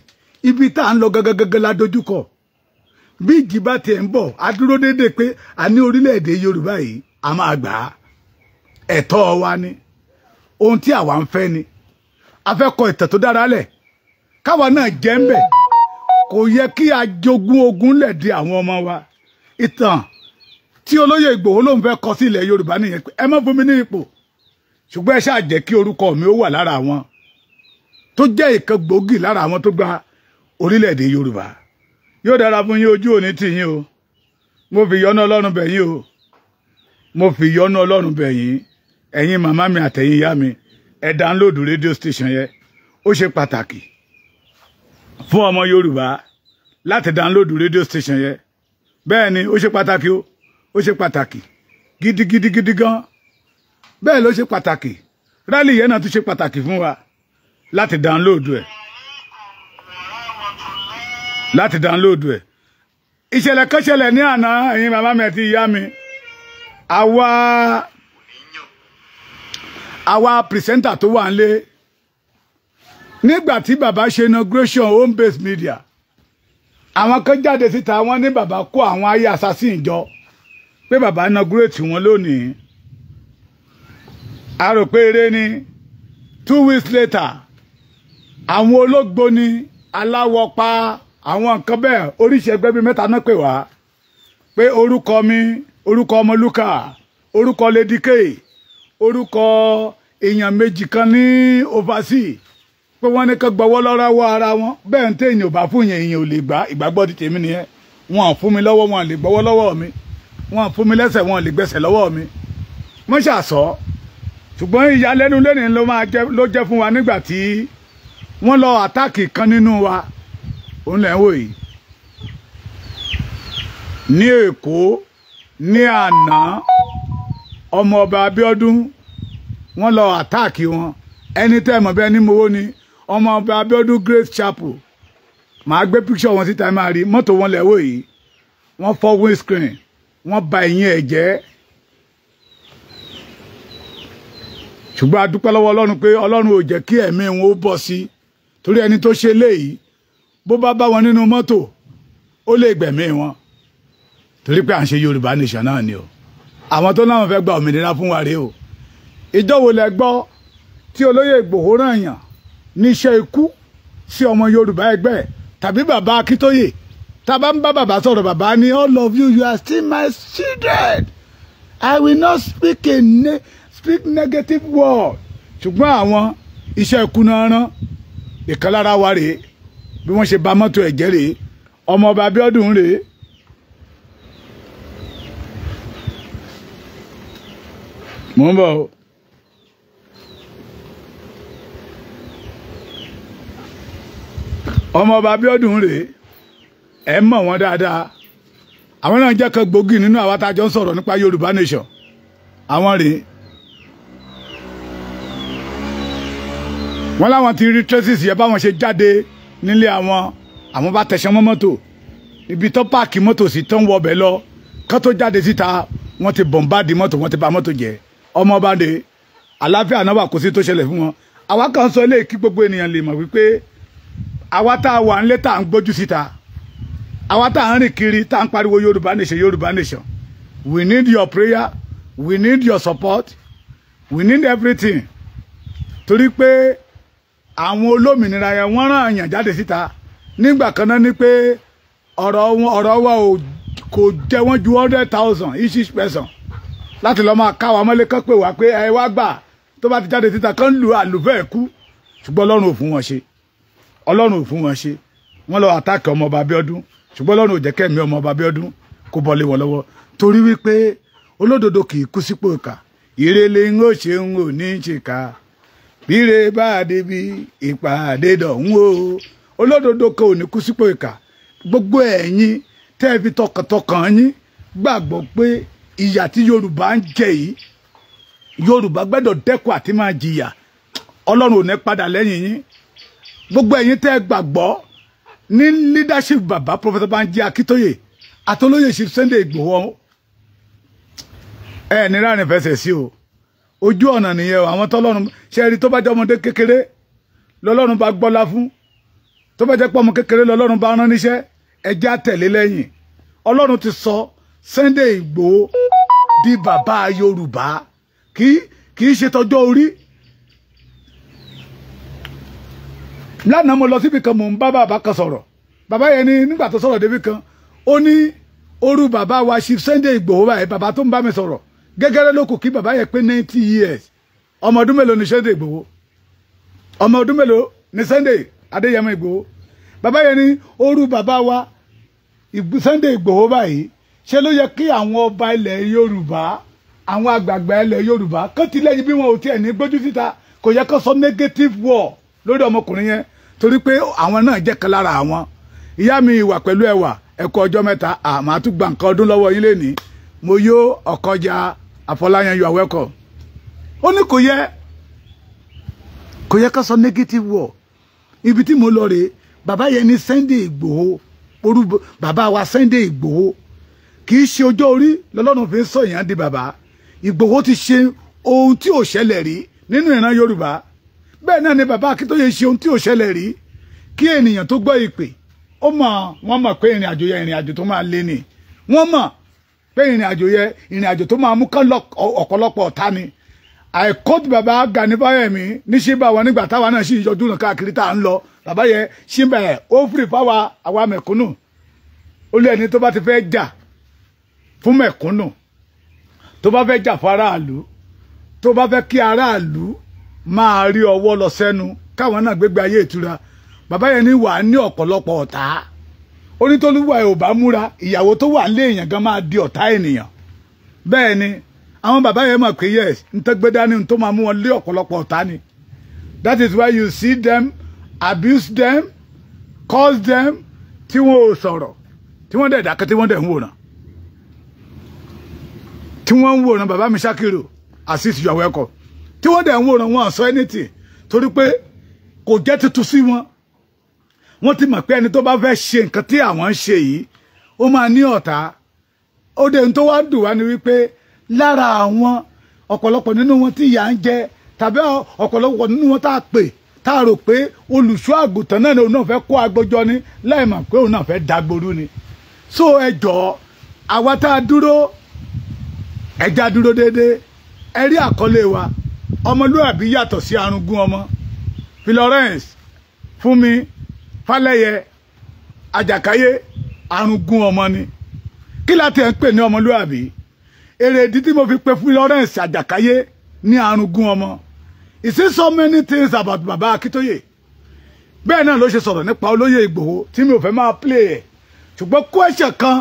ibi tá à ń lọ la bí ìjì bá tiẹ̀ ń bọ̀ a dúró déédéé pé a ní orílẹ̀-èdè yorùbá yìí a máa gbà á ẹ̀tọ́ wa ni ohun tí àwa ń fẹ́ ni a fẹ́ kọ ìtàn tó dára lẹ̀ káwa náà jẹ́ ń bẹ̀ kò yẹ kí a jogún ogun lẹ̀ àwọn ọmọ wa ìtàn tí olóyè ìgbòho ló ń fẹ́ kọ sí ilẹ̀ yorùbá nìyẹn pé ẹ má fún ní ipò ṣùgbọ́n ẹ ṣáà jẹ́ kí orúkọ mi ó wà lára àwọn tó jẹ́ ìkan gbòógì lára àwọn tó gba orílẹ̀-èdè yorùbá yóò dára fún yín ojú òní tì yín o mo fi yọ́nú Ọlọ́run bẹ̀ yín o mo fi yọ́nú Ọlọ́run bẹ̀ yín ẹ̀yin màmá mi àtẹ̀yin ìyá mi ẹ download radio station yẹn ó ṣe pàtàkì fún ọmọ Yorùbá láti download radio station yẹn bẹ́ẹ̀ ni ó ṣe pàtàkì o ó ṣe pàtàkì gidigidigidi gan bẹ́ẹ̀ ló ṣe pàtàkì rálì yẹn náà tún ṣe pàtàkì fún wa láti download ẹ̀ láti download ẹ̀ ìṣẹ̀lẹ̀ kan ṣẹlẹ̀ ní àná ẹ̀yin bàbá mi àti ìyá mi àwa àwa pìrìsẹ́ńtà tó wà nílé nígbà tí bàbá ṣe inauguration home based media àwọn kan jáde síta wọ́n ní bàbá kó àwọn ayé assassin jọ pé bàbá inaugurate wọn lónìí a rò pé eré ni two weeks later àwọn ológbò ni aláwọ̀ pa á àwọn nǹkan bẹ́ẹ̀ oríṣi ẹgbẹ́ bíi mẹ́ta náà pè wá pé orúkọ mi orúkọ ọmọlúkà orúkọ lady k orúkọ èèyàn méjì kan ní overseas pé wọ́n ní kán gbọ́wọ́ lọ́ra wọ ara wọn bẹ́ẹ̀ ń téèyàn ò bá fún yẹn èèyàn ò lè gbà ìgbàgbọ́ ti tèmi nìyẹn wọn ò fún mi lọ́wọ́ wọn ò lè gbọ́wọ́ lọ́wọ́ mi wọn fún mi lẹ́sẹ̀ wọn lè gbẹ́sẹ̀ lọ́wọ́ mi wọ́n ṣàṣọ ṣùgbọ́n ìyàlẹ́nu lẹ́nìí ló jẹ́ fún wa nígbà tí wọ́n lọ àtáàkì kan nínú wa òun lẹ̀ ń wò yìí ní Èkó ní àná ọmọọba Abíọ́dún wọ́n lọ àtáàkì wọn ẹni tẹ́ mọ̀ bẹ́ẹ̀ ní mowó ni ọmọọba Abíọ́dún Grace Chapel màá gbé picture wọn síta máa rí mọ́tò wọn lẹ̀ wò yìí wọ́n fọ́ windscreen wọ́n ba ẹ̀yìn ẹ̀ jẹ́ ṣùgbọ́n a dúpẹ́ lọ́wọ́ Ọlọ́run pé Ọlọ́run ò jẹ́ kí ẹ̀mí wọn ó bọ́ sí torí ẹni tó ṣe léyìí bó bá bá wọn nínú mọ́tò ó lè gbẹ̀mí wọn torí pé à ń ṣe yorùbá nation náà ni o àwọn tó náà fẹ́ gba òmìnira fún wa rèé o ìjọ́wò lẹ gbọ́ tí olóyè Ìgbòho rán yàn níṣẹ́ ikú sí ọmọ yorùbá ẹgbẹ́ tàbí bàbá akíntóyè tàbá ń bá bàbá sọ̀rọ̀ bàbá ni all of you you are still my children i will not speak a ne speak negative word ṣùgbọ́n àwọn iṣẹ́ ikú náà rán ìkan lára wa rèé bí wọ́n ṣe ba mọ́tò ẹ̀ jẹ́ rèé ọmọ ọba Abíọ́dún rèé. mò ń bọ̀ o. ọmọ ọba Abíọ́dún rèé ẹ mọ̀ wọ́n dáadáa àwọn náà jẹ́ kan gbòógì nínú àwa tá a jọ ń sọ̀rọ̀ nípa Yorùbá nation àwọn rèé. wọ́n láwọn ti rí traces yẹn báwọn ṣe jáde nílé àwọn àwọn bá tẹ̀sán mọ́ mọ́tò ibi tó páàkì mọ́tò sí tó ń wọ ọbẹ̀ lọ kó tó jáde síta wọ́n ti bọ̀m̀báàdì mọ́tò wọ́n ti bà mọ́tò jẹ́ ọmọ ọba de àlàáfíà náà wà kò sí tó ṣẹlẹ̀ fún wọn àwa kan sọ lé kí gbogbo ènìyàn lè mọ̀ wípé àwa tá a wà ń lé tá à ń gbójú síta àwa tá à ń rìn kiri tá à ń pariwo Yorùbá nation Yorùbá nation we need your prayer we need your support we need everything torí pé àwọn olómìnira yẹn wọ́n rán àyàn jáde síta nígbà kan náà ni pé ọ̀rọ̀ wọn ọ̀rọ̀ wa ò kò jẹ́ wọ́n ju hundred thousand each person láti lọ́ọ́ máa káwa mọ́lé kán pè wá pé ẹ wá gbà tó bá ti jáde síta kán lu àlùfẹ́ kú ṣùgbọ́n ọlọ́run ò fún wọn ṣe ọlọ́run ò fún wọn ṣe wọ́n lọ àtàkì ọmọọba Abíọ́dún ṣùgbọ́n ọlọ́run ò jẹ́ kẹ́mi ọmọọba Abíọ́dún kó bọ́ lé wọn lọ́wọ́ torí wípé olódodo kì í kú sípò ìkà ìrẹ̀lẹ̀ ń ó ṣe ń ò ní í ṣe ká bíre bá a débi ìpàdé dọ̀hún o olódodo kan ò ní kú sípò ìkà gbogbo ẹ̀yin tẹ́ ẹ fi tọkàntọkàn yín gbàgbọ́ pé ìyà tí yorùbá ń jẹ yìí yorùbá gbẹ́dọ̀ dẹ́kun àti máa jìyà ọlọ́run ò ní padà lẹ́yìn yín gbogbo ẹ̀yin tẹ́ ẹ gbàgbọ́ ní leadership Baba? Professor Banji Akíntóyè àtolóyè Sunday Ìgbòho ẹ ní ráàrin fẹsẹ̀ sí o ojú ọ̀nà nìyẹn o àwọn tọ́lọ́run ṣe rí tó bá jẹ́ ọmọdé kékeré lọ́lọ́run bá gbọ́lá fún tó bá jẹ́ pé ọmọ kékeré lọ́lọ́run bá rán níṣẹ́ ẹjẹ́ àtẹ̀lé lẹ́yìn ọlọ́run ti sọ Sunday Ìgbòho di bàbá Yorùbá kì í ṣe tọjọ́ orí lánàá mo lọ síbi kan mò ń bá bàbá kan sọ̀rọ̀ bàbá yẹn ni nígbà tó sọ̀rọ̀ débi kan ó ní orú bàbá wa ṣe Sunday Ìgbòho báyìí bàbá tó ń bá mi sọ̀rọ̀ gẹ́gẹ́rẹ́ ló kù kí bàbá yẹn pé ninety years ọmọ ọdún mélòó ni Sunday Ìgbòho ọmọ ọdún mélòó ni Sunday Adéyẹmọ Ìgbòho bàbá yẹn ní òru bàbá wa Sunday Ìgbòho báyìí ṣe ló yẹ kí àwọn ọba ilẹ̀ Yorùbá àwọn àgbààgbà ilẹ̀ Yorùbá kán ti bí wọn ò tiẹ̀ ní gbójú síta kò yẹ kó sọ negative war, lórí ọmọkùnrin yẹn torí pé àwọn náà jẹ́ kan lára àwọn ìyá mi ìwà pẹ̀lú ẹwà ẹ̀kọ́ ọjọ́ mẹ́ta àmọ́ nǹkan ọdún lọ́wọ́ yín lé ní mo yó ọ̀kọ́jà Afolayan, you are welcome ó koye, koye yẹ kò negative wo. ibi tí mo lọ rèé bàbá yẹn ní Sunday Ìgbòho orú bàbá wa Sunday Ìgbòho Ki í ṣe ọjọ́ orí lọ́lọ́run fi ń sọ èèyàn di bàbá Ìgbòho ti ṣe ohun tí ò ṣẹlẹ̀ rí nínú ìran Yorùbá bẹ́ẹ̀ náà ni bàbá Akíntóyè ṣe ohun tí ò ṣẹlẹ̀ rí kí ènìyàn tó gbọ́ ìpè ó mọ̀ wọ́n mọ̀ pé ìrìn àjò yẹn ìrìn àjò tó máa lé ni wọ́n mọ̀ pé ìrìn àjò yẹ ìrìn àjò tó máa mú kán ọ̀pọ̀lọpọ̀ ọ̀tá ni àìkóòtù bàbá Gani Fáyẹ̀mí níṣẹ́ bá wọn nígbà táwa náà sì ń yọjú náà káàkiri tá à ń lọ bàbá yẹ ṣí bẹ̀rẹ̀ ó fìrì fáwa àwa mẹ̀kúnnù ó lé ẹni tó bá ti fẹ́ jà fún mẹ̀kúnnù tó bá fẹ́ jà fún aráàlú tó bá fẹ́ kí aráàlú máa rí ọwọ́ lọ sẹ́nu káwọn náà gbégbé ayé ìtura bàbá yẹ ní wàá ní ọ̀pọ̀lọpọ̀ ọ̀tá onítọ́lúwà ẹ̀ ò bá múra ìyàwó tó wà lé gan máa di ọ̀tá ènìyàn bẹ́ẹ̀ ni àwọn bàbá yẹn mọ̀ pé yes ntẹ́gbẹ́ dání tó máa mú wọn lé ọ̀pọ̀lọpọ̀ ọ̀tá ni that is why you see them abuse them curse them tí wọn ò sọ̀rọ̀ tí wọ́n dẹ̀ dákẹ́ tí wọ́n dẹ̀ ń wòran tí wọ́n ń wòran bàbá mi ṣàkìrò assist your welcome tí wọ́n dẹ̀ ń wòran wọn sọ anything torí pé kò jẹ́ tuntun sí wọn wọ́n ti mọ̀ pé ẹni tó bá fẹ́ ṣe nǹkan tí àwọn ń ṣe yìí ó máa ní ọ̀tá ó dé ní tó wá dùn wá ni wípé lára àwọn ọ̀pọ̀lọpọ̀ nínú wọn tí ìyà ń jẹ tàbí ọ̀pọ̀lọpọ̀ nínú wọn tá a pè tá a rò pé olùṣọ́ àgùntàn náà ni òun náà fẹ́ kó agbójọ ni láì mọ̀ pé òun náà fẹ́ dagboru ni so ẹ jọ̀ọ́ àwa tá a dúró ẹja dúró déédéé ẹ rí àkọlé wa ọmọlúwàbí yàtọ̀ sí arúgún ọmọ Florence fún fálẹ́yẹ àjàkáyé arúgún ọmọ ni kí láti ẹ̀ ń pè ní ọmọlúàbí èrèdí tí mo fi pe fún àjàkáyé ní arúgún ọmọ it says so many things about baba akitoye bẹ́ẹ̀ náà ló ṣe sọ̀rọ̀ nípa olóyè ìgbòho tí mi ò fẹ́ máa play ẹ̀ ṣùgbọ́n question kan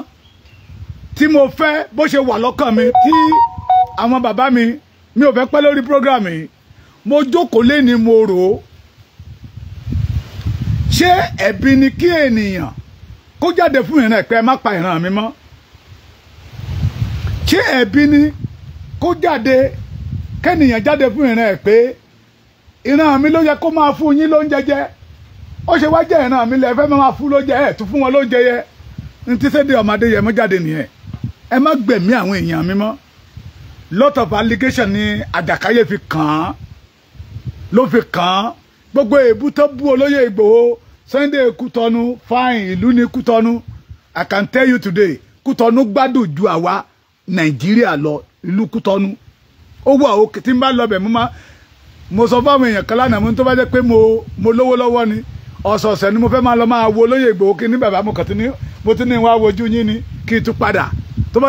tí mo fẹ́ bó ṣe wà lọ́kàn mi tí àwọn bàbá mi mi ò fẹ́ pẹ́ lórí program yìí mo jókòó lé ní mo rò ó ṣé ẹ̀bi ni kí ènìyàn kó jáde fún ìran ẹ̀pẹ́ má pa ìran mi mọ́ ṣé ẹ̀bi ni kó jáde kẹ́nìyàn jáde fún ìran ẹ̀ pé ìran mi ló yẹ kó máa fún yín lóúnjẹ jẹ ó ṣe wá jẹ ìran mi lẹ máa fún lóúnjẹ ẹ̀ tún fún wọn lóúnjẹ yẹ n ti sédè ọmọdé yẹ mọ́ jáde nìyẹn ẹ má gbẹ̀mí àwọn èèyàn mi mọ́ lot of allegation ni àdàkáyé fi kàn án ló fi kàn án gbogbo èébú tó bú olóyè Ìgbòho Sunday Kútọnu fine ìlú ní Kútọnu I can tell you today Kútọnu gbádùn ju àwa Nàìjíríà lọ ìlú Kútọnu ó wà n bá lọ bẹ̀ mo máa mo sọ fáwọn èèyàn kan lánàá mo tó bá pé mo mo lówó lọ́wọ́ ni ni mo fẹ́ máa lọ máa wo olóyè Ìgbòho kí ni bàbá mo kàn ti ní mo ti ní wá wojú yín ni kí n tún padà tó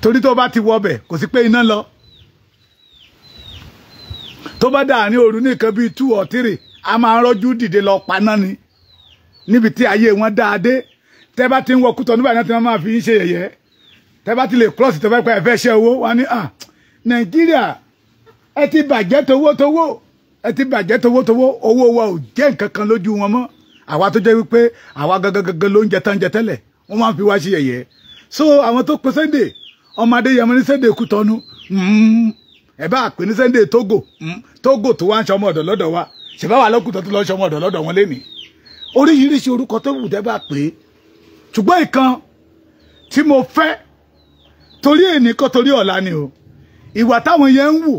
torí tó bá ti wọbẹ̀ kò sí pé iná lọ tó bá dàárín òru ní nǹkan bíi two or three a máa rọ́jú dìde lọ paná ni níbi tí ayé wọn dáa dé tẹ́ bá ti ń wọ kútọ nígbà náà tí wọ́n máa fi ń ṣe yẹ̀yẹ́ tẹ́ bá ti lè kúrọ́ọ̀sì tó fẹ́ pẹ́ ẹ̀fẹ́ ṣe owó wọn ni ah, nàìjíríà ẹ ti bàjẹ́ towó towó ẹ ti bàjẹ́ towó towó owó wa ò jẹ́ nǹkan kan lójú wọn mọ́ àwa tó jẹ́ wípé àwa gangan gangan ló ń jẹ tán jẹ tẹ́lẹ̀ wọ́n máa ń fi wá ṣe yẹ̀yẹ́ so àwọn tó pe Sunday ọmọdé yẹmọ ní Sunday Kútọ́nù hmm. ẹ bá pè ní Sunday Togo hmm. Togo tó wá ń ṣọmọ ọ̀dọ̀ lọ́dọ̀ wa ṣẹ̀bá wà lọ́kùtọ́ tó lọ́ ṣọmọ ọ̀dọ̀ lọ́dọ̀ wọn lénìí oríṣiríṣi orúkọ tó wù dẹ́ bá pè é ṣùgbọ́n ìkan tí mo fẹ́ torí èní kọ́ torí ọ̀la ni o ìwà táwọn yẹn ń wù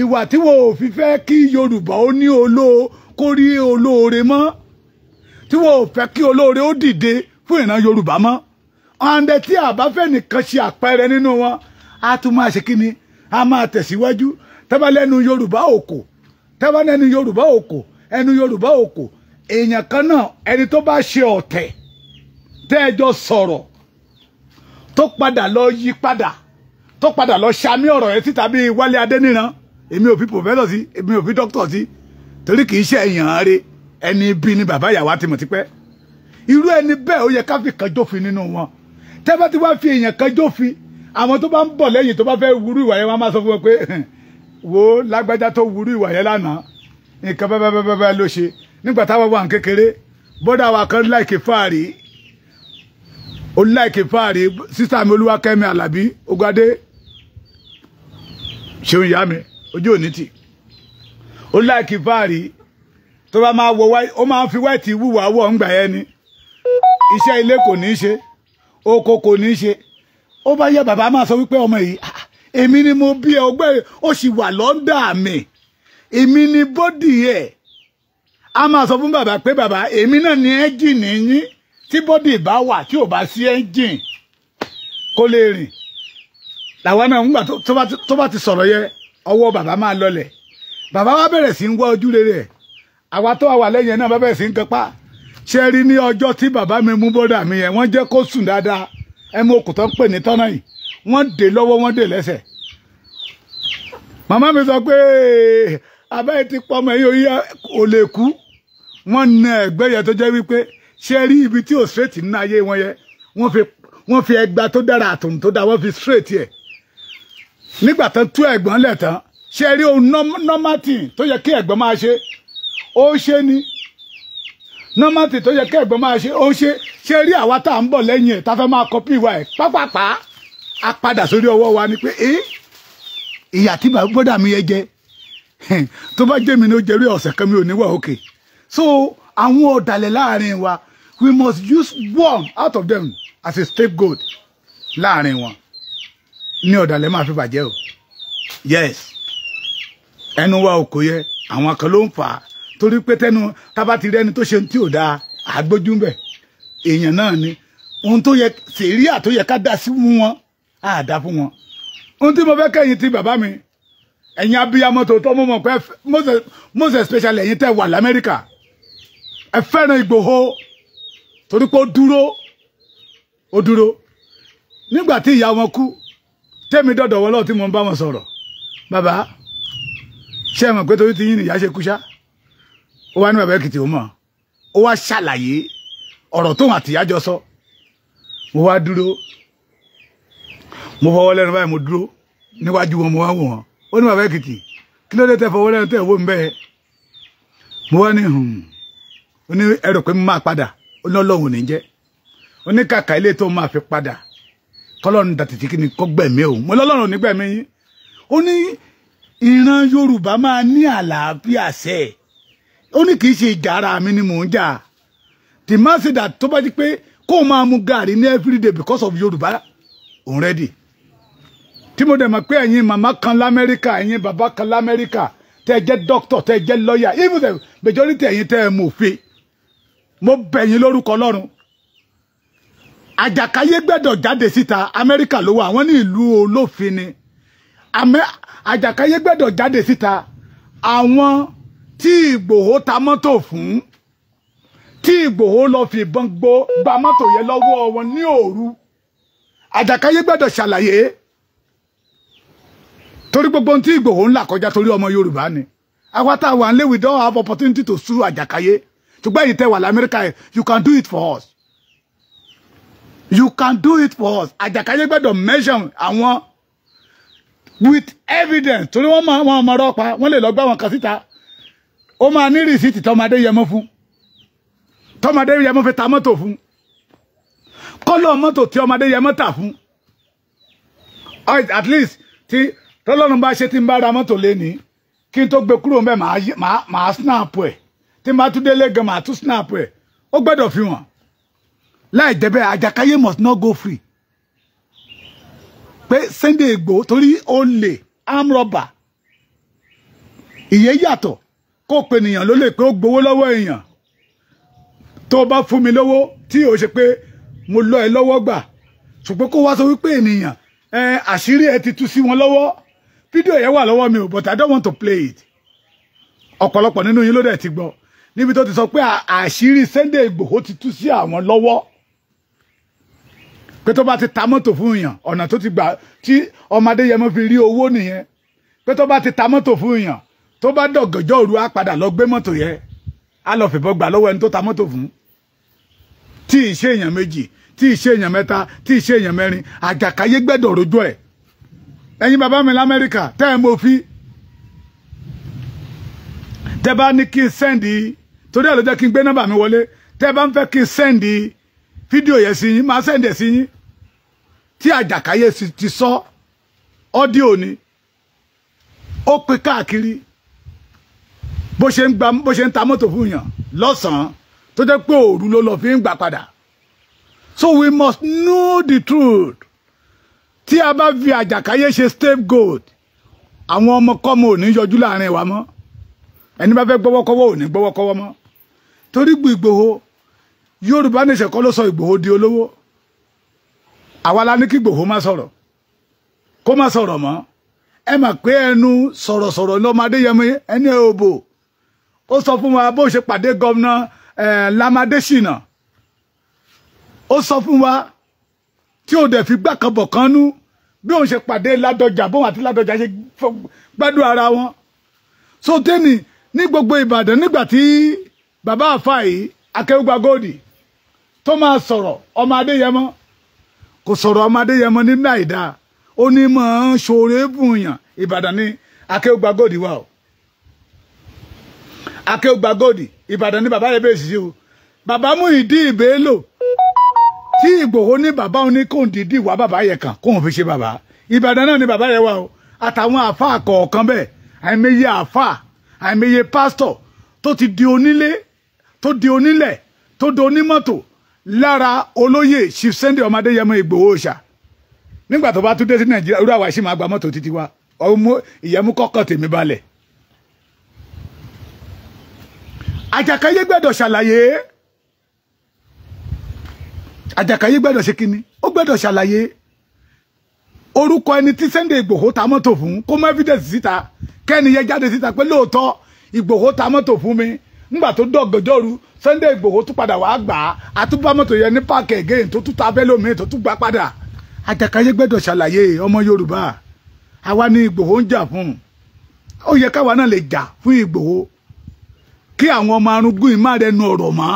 ìwà tí wọn ò fi fẹ́ kí Yorùbá ó ní olóo kó rí olóore mọ́ tí wọn ò fẹ́ kí olóore ó dìde fún ìran Yorùbá mọ́ ọ̀ǹdẹ tí àbáfẹ́ nìkan ṣe àpẹẹrẹ nínú wọn á tún máa ṣe kíni á máa tẹ̀síwájú tẹ́bá lẹ́nu yorùbá òkò tẹ́bá lẹ́nu yorùbá òkò ẹnu yorùbá òkò èèyàn kan náà ẹni tó bá ṣe ọ̀tẹ̀ tẹ́ẹ̀jọ sọ̀rọ̀ tó padà lọ yí padà tó padà lọ ṣamí ọ̀rọ̀ yẹn síta bíi wálé adéníran èmi ò fi pòfẹ́sọ̀ sí èmi ò fi dókítọ̀ sí torí kì í ṣe èèyàn rẹ̀ ẹni bí ni bàbá ìyàwó àti irú ẹni bẹ́ẹ̀ ó yẹ ká fi kànjọ́fin nínú wọn tẹ́fẹ́ tí wá fi èèyàn kan jófin àwọn tó bá ń bọ̀ lẹ́yìn tó bá fẹ́ wúrú ìwà yẹn wọ́n máa sọ fún wọn pé wo lágbájá tó wúrú ìwà yẹn lánàá nǹkan bẹ́ẹ̀bẹ́ẹ́bẹ́ẹ́ ló ṣe nígbà táwọn wà ń kékeré bọ́dà wa kan láìkè fáàrí ó láìkè fáàrí sísá mi olúwakẹ́mi alábí ogadé ṣeun ìyá mi ojú òní tì ó láìkè fáàrí tó bá máa wọ ó máa ń fi wáìtì wúwà wọ̀ ń gbà yẹn ni iṣẹ́ ilé kò ní í ṣe oko kò ní í ṣe ó bá yẹ bàbá máa sọ wípé ọmọ yìí ah, èmi ni mo bí ẹ ọgbẹ́ ó sì wà lọ́ndà mi èmi ni bọ́dì ẹ̀ a máa sọ fún bàbá pé bàbá èmi náà ni ẹ́ńjìnì yín tí bọ́dì bá wà tí ò bá sí ẹ́ńjìn kó lè rìn làwa náà ń gbà tó bá ti sọ̀rọ̀ yẹ ọwọ́ bàbá máa lọlẹ̀ bàbá wa bẹ̀rẹ̀ sí ń wá ojú rere àwa tó wà lẹ́yìn náà bẹ̀rẹ̀ sí ń kẹpa ṣe rí ní ọjọ́ tí bàbá mi mú bọ́dà mi yẹn wọ́n jẹ́ kó sùn dáadáa ẹ mú okùn tó ń pè ní tọ́nà yìí wọ́n dè lọ́wọ́ wọ́n dè lẹ́sẹ̀ màmá mi sọ pé abẹ́ ti pọ́ ọmọ yìí ò lè kú wọ́n na ẹ̀gbẹ́ yẹn tó jẹ́ wípé ṣe rí ibi tí ò straight ní ayé wọn yẹn wọ́n fi ẹgba tó dára àtùn tó dáa wọ́n fi straight yẹ nígbà tán tú ẹ̀gbọ́n lẹ̀ tán ṣe rí ohun normal thing tó yẹ kí ẹ̀gbọ́n máa ṣe ó ṣe ni nọ́màtì tó yẹ kẹ́gbọ́n máa ṣe ó ń ṣe ṣe rí àwa tá à ń bọ̀ lẹ́yìn ẹ̀ tá máa kọ́pì ìwà ẹ̀ pápápá a padà sórí ọwọ́ wa ni pé ẹ́ ìyà tí bọ́dà mi yẹ jẹ tó bá jẹ́ mi ní ó rí ọ̀sẹ̀ kan mi ò ní wà òkè so àwọn ọ̀dàlẹ̀ láàrin wa we must use one out of them as a scapegoat láàrin wọn ní ọ̀dàlẹ̀ máa fi bàjẹ́ o yes ẹnu wa ò kò yẹ àwọn kan ló ń fà á torí pé tẹnu tábà ti rẹ́ni tó ṣe tí ò dáa àgbójú ń bẹ̀ èèyàn náà ni ohun tó yẹ sèríà tó yẹ ká dá sí wọn á dá fún wọn ohun tí mo fẹ́ kẹ́yìn ti bàbá mi ẹ̀yin abiyamọ tòótọ́ mo mọ̀ pé most especially ẹ̀yin tẹ́ wà lamẹ́ríkà ẹ fẹ́ràn Ìgbòho torí pé ó dúró ó dúró nígbà tí ìyá wọn kú tẹ́mi dọ̀dọ̀ wọlọ́ọ̀ tí mo ń bá wọn sọ̀rọ̀ bàbá ṣé ẹ mọ̀ pé torí ti yín nìyá ṣe kú ṣá ó wá ní bàbá èkìtì ó mọ̀ ó wá ṣàlàyé ọ̀rọ̀ tóun àtìyá jọ sọ mo wá dúró mo fọwọ́ lẹ́nu báyìí mo dúró níwájú wọn mo wá wò wọ́n ó ní bàbá èkìtì kí ló dé tẹ fọwọ́ lẹ́nu tẹ wò ń bẹ́ẹ̀ mo wá ní hmm. ó ní ẹrù pé máa padà ó ní ọlọ́run ní jẹ́ ó ní kàkà ilé tó máa fi padà kọlọ́run dàtìtì kí ni kọ́ gbẹ̀mí òun mo lọ́lọ́run ò yín ó ní ìran Yorùbá máa ní àlàáfíà sẹ́ẹ̀ ó ní kì í ṣe ìjà ara mi ni mò ń jà the man say that tó bá jí pé kó o máa mu gàrí ní everyday because of yorùbá òun rẹ́dì tí mo dẹ̀ mọ̀ pé ẹ̀yin màmá kan lamẹ́ríkà ẹ̀yin bàbá kan lamẹ́ríkà tẹ́ ẹ jẹ́ doctor tẹ́ ẹ jẹ́ lawyer even the majority ẹ̀yin tẹ́ ẹ mọ̀ òfin mo bẹ̀ yín lórúkọ ọlọ́run àjàkáyé gbẹ́dọ̀ jáde síta amẹ́ríkà ló wà àwọn ní ìlú olófin ni àjàkáyé gbẹ́dọ̀ jáde síta àwọn tí Ìgbòho ta mọ́tò fún tí Ìgbòho lọ fi ìbọn gbó gba mọ́tò yẹn lọ́wọ́ wọn ní òru àjàkáyé gbọ́dọ̀ ṣàlàyé torí gbogbo tí Ìgbòho ń là kọjá torí ọmọ Yorùbá ni àwa wà nílé we don't have opportunity to sue àjàkáyé ṣùgbọ́n èyí tẹ́ wà lamẹ́ríkà you can do it for us you can do it for us àjàkáyé gbọ́dọ̀ measure àwọn with evidence torí wọ́n máa wọ́n máa rọ́pa wọ́n lè lọ gbá wọn kan síta ó máa ní rìsíìtì tọmọdé yẹmọ fún tọmọdé yẹmọ fi ta mọ́tò fún kọ́lọ̀ mọ́tò tí ọmọdé yẹmọ tà fún at least tí tọ́lọ́run bá ṣe tí ń bá ra mọ́tò léni kí n tó gbé kúrò mẹ́ màá snap ẹ̀ tí n bá tún délé gan màá tún snap ẹ̀ ó gbọ́dọ̀ fi wọ́n láì dẹ́bẹ̀ àjàkáyé must not go free pé Sunday Igboho torí ó lè arm robber ìyẹn yàtọ̀ kó pe ènìyàn ló lè pé ó gbowó lọ́wọ́ èèyàn tó bá fún mi lówó tí ò ṣe pé mo lọ ẹ lọ́wọ́ gbà ṣùgbọ́n kó wá sọ wípé ènìyàn ẹ àṣírí ẹ ti tú sí wọn lọ́wọ́ fídíò yẹn wà lọ́wọ́ mi ò but I don't want to play it ọ̀pọ̀lọpọ̀ nínú yín ló dẹ̀ ti gbọ́ níbi tó ti sọ pé àṣírí Sunday Ìgbòho ti tú sí àwọn lọ́wọ́ pé tó bá ti ta mọ́tò fún èèyàn ọ̀nà tó ti gbà tí ọmọdé yẹn mo fi rí owó nìyẹn pé tó bá ti ta mọ́tò fún èèyàn tó bá dọ̀gànjọ́ òru á padà lọ gbé mọ́tò yẹn á lọ fìbọn gbà lọ́wọ́ ẹni tó ta mọ́tò fún tí ì ṣe èèyàn méjì tí ì ṣe èèyàn mẹ́ta tí ì ṣe èèyàn mẹ́rin àjàkáyé gbẹ́dọ̀ rojú ẹ̀ ẹ̀yin bàbá mi lamẹ́ríkà tẹ́ ẹ̀ mọ̀ fi tẹ́ bá ní kí n sẹ́ndì torí ẹ̀ ló jẹ́ kí n gbé nọ́mbà mi wọlé tẹ́ bá ń fẹ́ kí n sẹ́ndì fídíò yẹn sí yín máa sẹ́ndì ẹ̀ sí yín tí àjàkáyé ti sọ ọ́díò ni ó pe káàkiri bó ṣe ń gba bó ṣe ń ta mọ́tò fún yàn lọ́sàn-án tó jẹ́ pé òru ló lọ fi ń gbà padà so we must know the truth tí a bá fi àjàkáyé ṣe gold, àwọn ọmọkọ́mọ ò ní yọjú láàrin wa mọ́ ẹni bá fẹ́ gbọ́wọ́kọ́wọ́ ò ní gbọ́wọ́kọ́wọ́ mọ́ torí gbù Ìgbòho Yorùbá nation kọ́ ló sọ Ìgbòho di olówó àwa la ní kí Ìgbòho má sọ̀rọ̀ kó má sọ̀rọ̀ mọ́ ẹ mà pé ẹnu sọ̀rọ̀sọ̀rọ̀ lọ́mọ Adéyẹmí ẹni òbò ó sọ fún wa bó ṣe pàdé gọ́vnà Lamadesina ó sọ fún wa tí ó dẹ̀ fi gbàkanbọ̀ kan nú bí òun ṣe pàdé ládọjà bóun àti ládọjà ṣe gbádùn ara wọn so tẹ́ni ní gbogbo Ìbàdàn nígbà tí bàbá àfáà yìí Akéwùgbà Gold tó máa sọ̀rọ̀ ọmọ Adéyẹmọ kò sọ̀rọ̀ ọmọ Adéyẹmọ ní náìdá ó ní mọ̀ ọ́n Ìbàdàn ní Akéwùgbà Gold wà o akéwògbà gòdì ìbàdàn ni bàbá rẹ̀ bẹ̀rẹ̀ sí o bàbá Muyideen Bello tí ìgbòho ní bàbá òní kò ń dìídì wá bàbá yẹn kàn kóun fi ṣe bàbá ìbàdàn náà ni bàbá rẹ̀ wà o àtàwọn àáfàá kọ̀ọ̀kan bẹ́ẹ̀ àìmọye àáfàá àìmọye pásítọ̀ tó ti di onílé tó di onílẹ̀ tó di onímọ́tò lára olóyè chief sunday ọmọdé yẹmọ ìgbòho ṣá nígbà tó bá tún dé sí nàìjíríà irú àwa ṣì máa gba mọ́tò títí wa ìyẹmú kọ́kọ́ tèmi balẹ̀ àjàkáyé gbẹ́dọ̀ ṣàlàyé àjàkáyé gbẹ́dọ̀ ṣe kíni ó gbẹ́dọ̀ ṣàlàyé orúkọ ẹni tí Sunday Ìgbòho ta mọ́tò fún kó mọ evidence síta kẹ́ni yẹn jáde síta pé lóòótọ́ Ìgbòho ta mọ́tò fún mi nígbà tó dọ̀gọ̀dọ̀rù Sunday Ìgbòho tún padà wàá gbà á àtúbà mọ́tò yẹn ní páàkì again tó tún ta abẹ́lómi tó tún gbà padà àjàkáyé gbẹ́dọ̀ ṣàlàyé ọmọ Yorùbá àwa ni Ìgbòho ń jà fún ó yẹ káwa náà lè jà fún Ìgbòho kí àwọn ọmọ arúgbó yìí má rẹnu ọ̀rọ̀ mọ́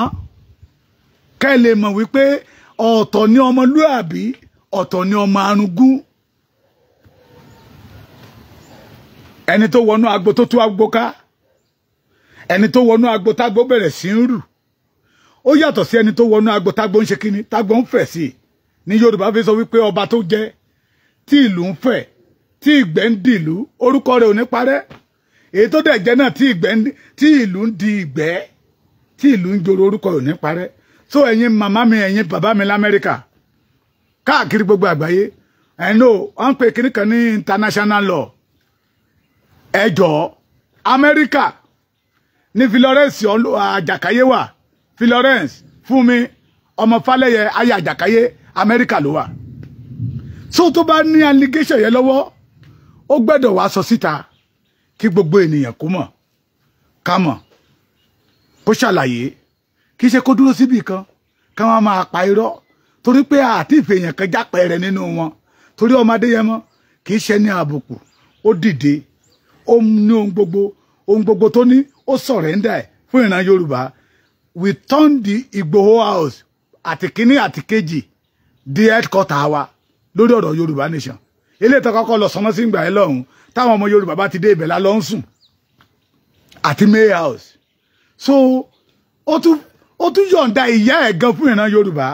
kẹ́ ẹ lè mọ̀ wípé ọ̀tọ̀ ni ọmọlúàbí ọ̀tọ̀ ni ọmọ arúgbó ẹni tó wọnú agbo tó tú agbo ká ẹni tó wọnú agbo tágbo bẹ̀rẹ̀ sí ń rù ó yàtọ̀ sí ẹni tó wọnú agbo tágbo ń ṣe kíni tágbo ń fẹ̀ sí ní Yorùbá fi sọ wípé ọba tó jẹ tí ìlú ń fẹ̀ tí ìgbẹ́ ń dìlú orúkọ rẹ̀ ò ní parẹ́ èyí tó dẹ̀ jẹ́ náà tí ìgbẹ́ tí ìlú ń di ìgbẹ́ tí ìlú ń joro orúkọ ò ní parẹ́ so ẹ̀yin màmá mi ẹ̀yin bàbá mi lamẹ́ríkà káàkiri gbogbo àgbáyé ẹ̀ no wọ́n pe kinní kan ní international law ẹ jọ̀ọ́ amẹ́ríkà ní Florence àjàkáyé wà Florence fún mi ọmọ Fálẹ́yẹ ayé àjàkáyé amẹ́ríkà ló wà so tó bá ní allegation yẹn lọ́wọ́ ó gbẹ́dọ̀ wá sọ síta. So kí gbogbo ènìyàn kó mọ̀ ká mọ̀ kó ṣàlàyé kì í ṣe kó dúró síbì kan ká wọn máa pa irọ́ torí pé àti ìfèèyàn kan jápẹ́ rẹ̀ nínú wọn torí ọmọdé yẹn mọ́ kì í ṣe ní àbùkù ó dìde ó ní ohun gbogbo ohun gbogbo tó ní ó sọ̀rẹ́ńdà ẹ̀ fún ìran Yorùbá we turn the Igboho house àti kínní àti kejì di headquarter wa lórí ọ̀rọ̀ Yorùbá nation eléyìí tó kọ́kọ́ lọ sọmọ́sí ìgbà ẹ lọ́hùn-ún táwọn ọmọ Yorùbá bá ti dé ibẹ̀ la lọ ń sùn àti May House so ó tún ó tún yọ̀ǹda ìyá ẹ̀ gan fún ìran Yorùbá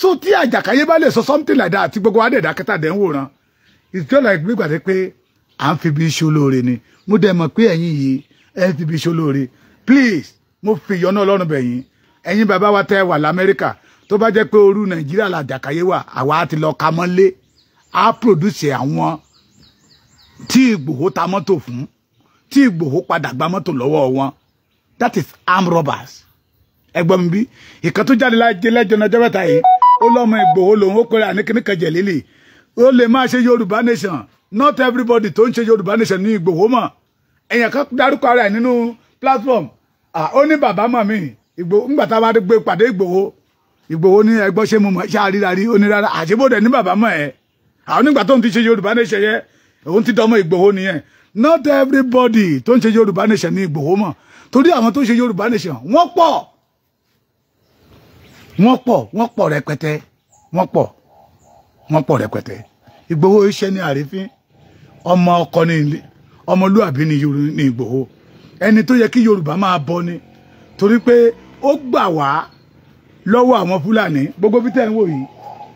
so tí àjàkáyé bá lè sọ something like that àti gbogbo adẹ̀dá kẹta dẹ̀ ń wòran it's just like gbígbà pé à ń fi bí iṣu lóore ni mo dẹ̀ mọ̀ pé ẹ̀yin yìí ẹ̀ ń fi bí iṣu lóore please mo fi ìyọ́nú Ọlọ́run bẹ̀ yín ẹ̀yin bàbá wa tẹ́ wà l'Amẹ́ríkà tó bá jẹ́ pé òru Nàìjíríà làjàkáyé wà àwa ti lọ ka mọ́lé produce àwọn tí Ìgbòho ta mọ́tò fún tí Ìgbòho padà gba mọ́tò lọ́wọ́ wọn that is armed robbers ẹgbọ́n mi bí ìkan tó jáde láti jẹ lẹ́jọ́ náà jẹ́bẹ̀ta yìí ó lọ́mọ Ìgbòho lòun ó pèrè àníkíní kan jẹ̀lélì ó lè máa ṣe Yorùbá nation not everybody tó ń ṣe Yorùbá nation ní Ìgbòho mọ̀ èèyàn kan dárúkọ ara ẹ̀ nínú platform ó ní bàbá mọ̀ mí Ìgbòho ńgbà tá a bá gbé pàdé Ìgbòho Ìgbòho ní ẹgbọ́n ṣé mo mọ̀ ṣáà ríra rí ó ní rárá àṣebó dẹ̀ ní bàbá mọ̀ ẹ̀ àwọn nígbà tó ń ti ṣe Yorùbá nation yẹn òun ti dọmọ Ìgbòho nìyẹn not everybody tó ń ṣe Yorùbá nation ní Ìgbòho mọ̀ torí àwọn tó ń ṣe Yorùbá nation wọ́n pọ̀ wọ́n pọ̀ wọ́n pọ̀ rẹpẹtẹ wọ́n pọ̀ wọ́n pọ̀ rẹpẹtẹ Ìgbòho iṣẹ́ ní àrífín ọmọ ọkọ ní ilé ọmọlúàbí ní Ìgbòho ẹni tó yẹ kí Yorùbá máa bọ ni torí pé ó gbà wá lọ́wọ́ àwọn Fúlàní gbogbo bí tẹ́ ń wò yìí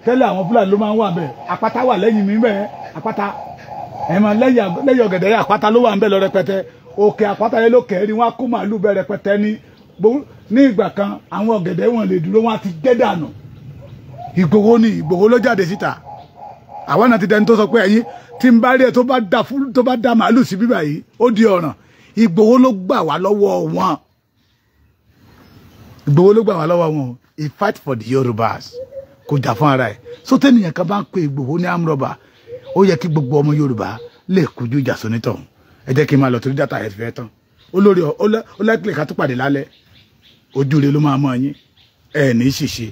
tẹ́lẹ̀ àwọn Fúlàní ló máa ń wà bẹ́ẹ̀ àpáta wà lẹ́yìn mi bẹ́ẹ̀ àpáta ẹ máa lẹ́yìn ọ̀gẹ̀dẹ̀ àpáta ló wà ń bẹ̀ lọ rẹpẹtẹ òkè àpáta yẹn ló kẹ́rì wọn á kó màálù bẹ̀ rẹpẹtẹ ní ní ìgbà kan àwọn ọ̀gẹ̀dẹ̀ wọn lè dúró wọn á ti gẹ́ dànù Ìgbòho ni Ìgbòho ló jáde síta àwọn náà ti dẹni tó sọ pé ẹ̀yin tí n bá rí ẹ tó bá da fún tó bá da màálù sí bíbà yìí ó di ọ̀ràn Ìgbòho ló gbà wá lọ́wọ́ wọn Ìgbòho ló gbà wá lọ́wọ́ wọn he fight for the Yorubas kò jà fún ara ẹ̀ sótẹ́nìyàn kan bá ń pe Ìgbòho ní amrọ̀bà ó yẹ kí gbogbo ọmọ yorùbá lè kojú ìjà sónítọ̀ ẹ jẹ́ kí n máa lọ torí dátà ẹ̀ fẹ́ tán olórí ọlẹ́kìlẹ̀ ká tó pàdé lálẹ́ ojú rẹ ló máa mọ yín ẹ ní ṣìṣe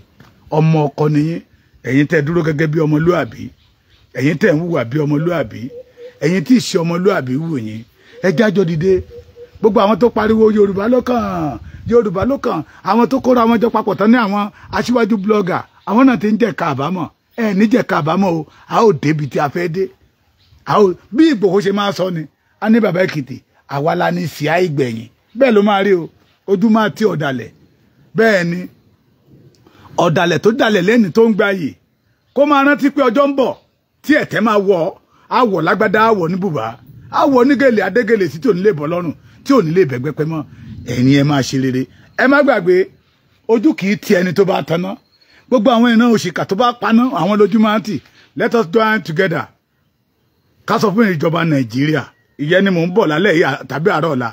ọmọ ọkọ nìyín ẹ̀yin tẹ́ dúró gẹ́gẹ́ bí ọmọlúàbí ẹ̀yin tẹ́ ń hùwà bí ọmọlúàbí ẹ̀yin tí ìṣe ọmọlúàbí wù yín ẹ jájọ dìde gbogbo àwọn tó pariwo yorùbá lọ́kàn yorùbá lọ́kàn àwọn tó kóra wọn jọ papọ̀ tán ní àwọn aṣíwájú blọ́gà àwọn náà ti ń jẹ̀ka àbámọ̀ ẹ níjẹ̀ kábàámọ̀ o a ó débi tí a fẹ́ dé a ó bí Ìgbòho ṣe máa sọ ni a ní bàbá Èkìtì àwa la ní síá ìgbẹ̀yìn bẹ́ẹ̀ ló máa rí o ojú máa ti ọ̀dàlẹ̀ bẹ́ẹ̀ ni ọ̀dàlẹ̀ tó dalẹ̀ lẹ́ni tó ń gbayè kó máa rántí pé ọjọ́ ń bọ̀ tí ẹ̀tẹ́ máa wọ̀ àwọ̀ lágbádá àwọ̀ ní bùbá àwọ̀ onígèlè adégèlè sí tí ò ní lè bọ́ lọ́rùn tí ò ní lè bẹ̀gbẹ́ mọ́ ẹ̀yin ẹ máa ṣe rere ẹ má gbàgbé ojú kì í ti ẹni tó bá taná gbogbo àwọn ìran òṣìkà tó bá paná àwọn lójú máa ń tì let us join together ká sọ fún ìjọba nàìjíríà ìyẹn ni mò ń bọ̀ lálẹ́ yìí tàbí àárọ̀ ọ̀la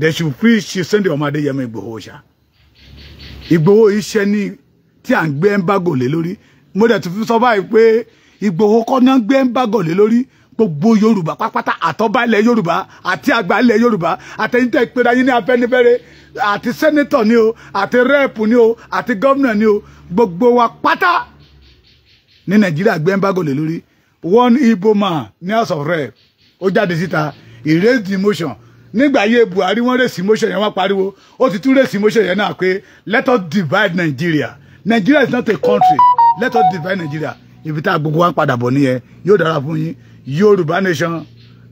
they should free she send ọmọ adéyẹmọ ìgbòho ṣá ìgbòho iṣẹ́ ní tí à ń gbé ẹ̀ńbágò lé lórí mo dẹ̀ tún fi sọ báyìí pé ìgbòho kọ́ náà gbé ẹ̀ńbágò lé lórí gbogbo yorùbá pátápátá àtọ́ba ilẹ̀ yorùbá àti àgbà ilẹ̀ yorùbá àtẹ̀yìntẹ̀ ìpẹ́ra yín ní afẹ́nifẹ́re àti sẹ́nitọ̀ ni o àti rẹ́ẹ̀pù ni o àti gọ́vnà ni o gbogbo wa pátá ní nàìjíríà gbé embargo lé lórí one Igbo man ní house of rep ó jáde síta he raised the motion nígbà ayé Buhari wọ́n raise motion yẹn wọ́n pariwo ó ti tún raise motion yẹn náà pé let us divide Nigeria Nigeria is not a country let us divide Nigeria ibi tá a gbogbo wa ń padà bọ̀ nìyẹn yóò dára fún yín Yorùbá nation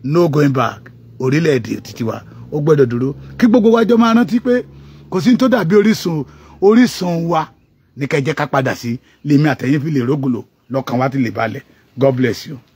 no going back orílẹ̀-èdè títí wa ó gbọ́dọ̀ dúró kí gbogbo wa máa rántí pé kò sí tó dàbí orísun orísun wa ní kẹjẹ ká padà sí lèmi àtẹ̀yìn fi lè rógùlò lọ́kàn wa ti lè balẹ̀ God bless you.